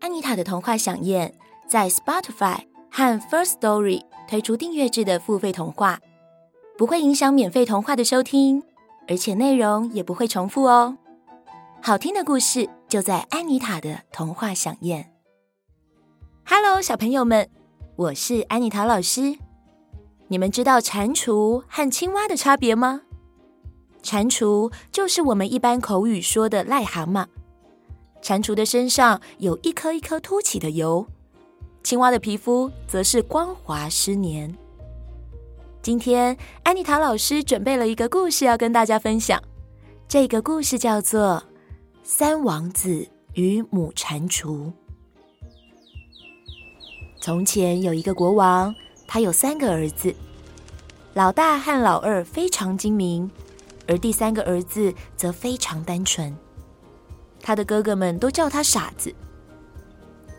安妮塔的童話饗宴在 Spotify 和 First Story 推出訂閱制的付費童話，不會影響免費童話的收聽，而且內容也不會重複哦。好聽的故事就在安妮塔的童話饗宴。Hello，小朋友們，我是安妮塔老師。你們知道蟾蜍和青蛙的差別嗎？蟾蜍就是我們一般口語說的癩蛤蟆。蟾蜍的身上有一顆一顆凸起的疣，青蛙的皮膚則是光滑濕黏。今天安妮塔老師準備了一個故事要跟大家分享，這個故事叫做《三王子與母蟾蜍》。從前有一個國王，他有三個兒子，老大和老二非常精明，而第三個兒子則非常單純。他的哥哥們都叫他傻子。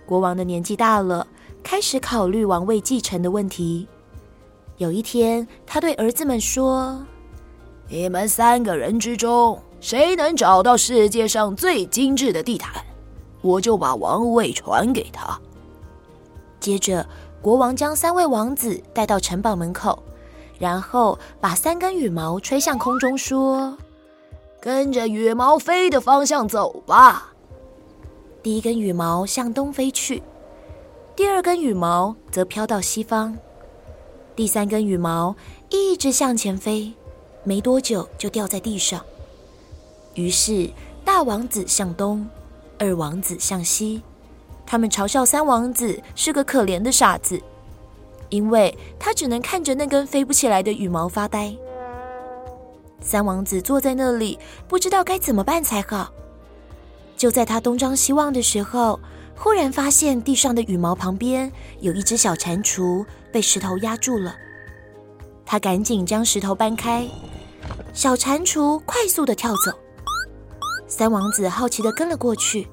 國王的年紀大了，開始考慮王位繼承的問題。有一天，他對兒子們說：“你們三個人之中，誰能找到世界上最精致的地毯，我就把王位傳給他。”接着，國王將三位王子帶到城堡門口，然後把三根羽毛吹向空中說。跟着羽毛飛的方向走吧。第一根羽毛向東飛去，第二根羽毛則飄到西方，第三根羽毛一直向前飛，沒多久就掉在地上。於是，大王子向東，二王子向西。他們嘲笑三王子是個可憐的傻子，因為他只能看着那根飛不起來的羽毛發呆。三王子坐在那裡，不知道該怎麼辦才好。就在他東張西望的時候，忽然發現地上的羽毛旁邊有一隻小蟾蜍被石頭壓住了。他趕緊將石頭搬開，小蟾蜍快速地跳走。三王子好奇地跟了過去，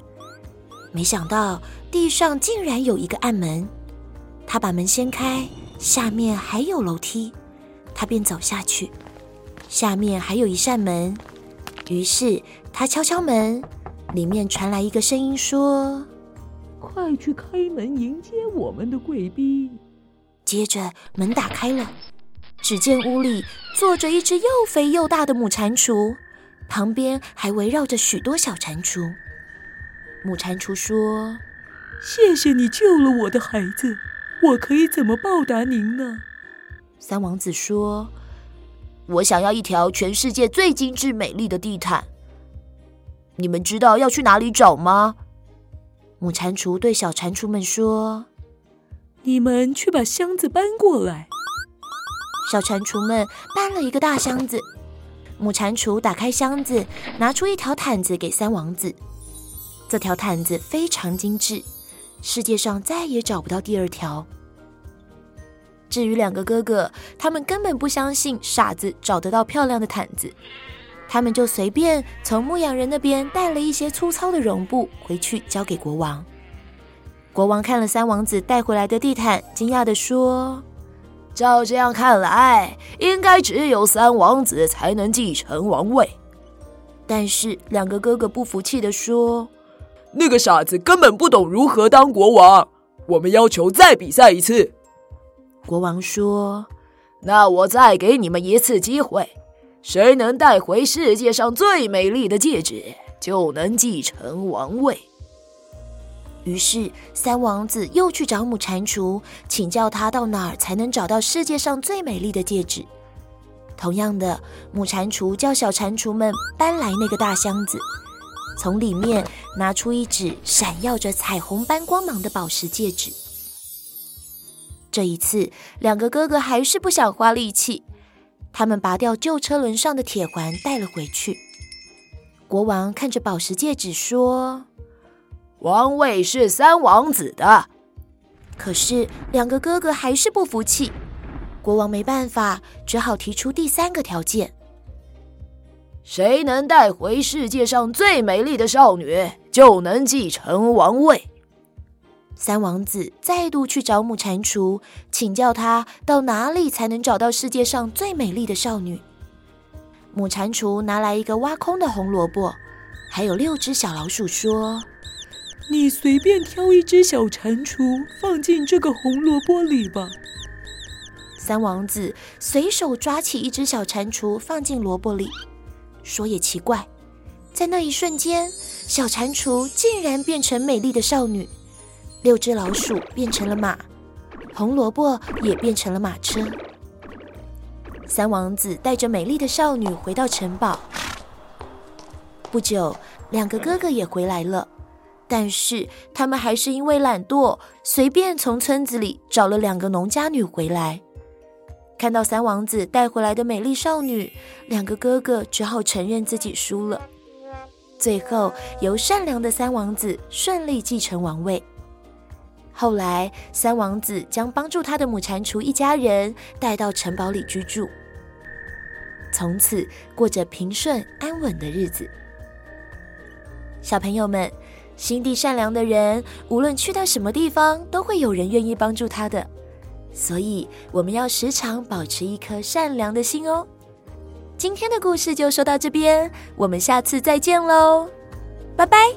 沒想到地上竟然有一個暗門。他把門掀開，下面還有樓梯，他便走下去。下面還有一扇門，於是他敲敲門，裡面傳來一個聲音說：“快去開門迎接我們的貴賓。”接着門打開了，只見屋裡坐着一隻又肥又大的母蟾蜍，旁邊還圍繞着許多小蟾蜍。母蟾蜍說：“謝謝你救了我的孩子，我可以怎麼報答您呢？”三王子說，我想要一條全世界最精緻美麗的地毯。你們知道要去哪裡找嗎？母蟾蜍對小蟾蜍們說：“你們去把箱子搬過來。”小蟾蜍們搬了一個大箱子。母蟾蜍打開箱子，拿出一條毯子給三王子。這條毯子非常精緻，世界上再也找不到第二條。至於兩個哥哥，他們根本不相信傻子找得到漂亮的毯子，他們就隨便從牧羊人那邊帶了一些粗糙的絨布回去交給國王。國王看了三王子帶回來的地毯，驚訝地說：“照這樣看來，應該只有三王子才能繼承王位。”但是兩個哥哥不服氣地說：“那個傻子根本不懂如何當國王，我們要求再比賽一次。”國王說：“那我再給你們一次機會，誰能帶回世界上最美麗的戒指，就能繼承王位。”於是，三王子又去找母蟾蜍，請教他到哪兒才能找到世界上最美麗的戒指。同樣的，母蟾蜍叫小蟾蜍們搬來那個大箱子，從裡面拿出一隻閃耀着彩虹般光芒的寶石戒指。這一次，兩個哥哥還是不想花力氣，他們拔掉舊車輪上的鐵環，帶了回去。國王看着寶石戒指說：“王位是三王子的。”可是，兩個哥哥還是不服氣。國王沒辦法，只好提出第三個條件：誰能帶回世界上最美麗的少女，就能繼承王位。三王子再度去找母蟾蜍，請教他到哪裡才能找到世界上最美麗的少女。母蟾蜍拿來一個挖空的紅蘿蔔，還有六隻小老鼠，說：“你隨便挑一隻小蟾蜍放進這個紅蘿蔔裡吧。”三王子隨手抓起一隻小蟾蜍放進蘿蔔裡，說也奇怪，在那一瞬間，小蟾蜍竟然變成美麗的少女。六隻老鼠變成了馬，紅蘿蔔也變成了馬車。三王子帶着美麗的少女回到城堡。不久，兩個哥哥也回來了，但是他們還是因為懶惰，隨便從村子裡找了兩個農家女回來。看到三王子帶回來的美麗少女，兩個哥哥只好承認自己輸了。最後，由善良的三王子順利繼承王位。後來，三王子將幫助他的母蟾蜍一家人帶到城堡裡居住，從此過着平順安穩的日子。小朋友們，心地善良的人，無論去到什麼地方，都會有人願意幫助他的。所以，我們要時常保持一顆善良的心哦。今天的故事就說到這邊，我們下次再見嘍，拜拜。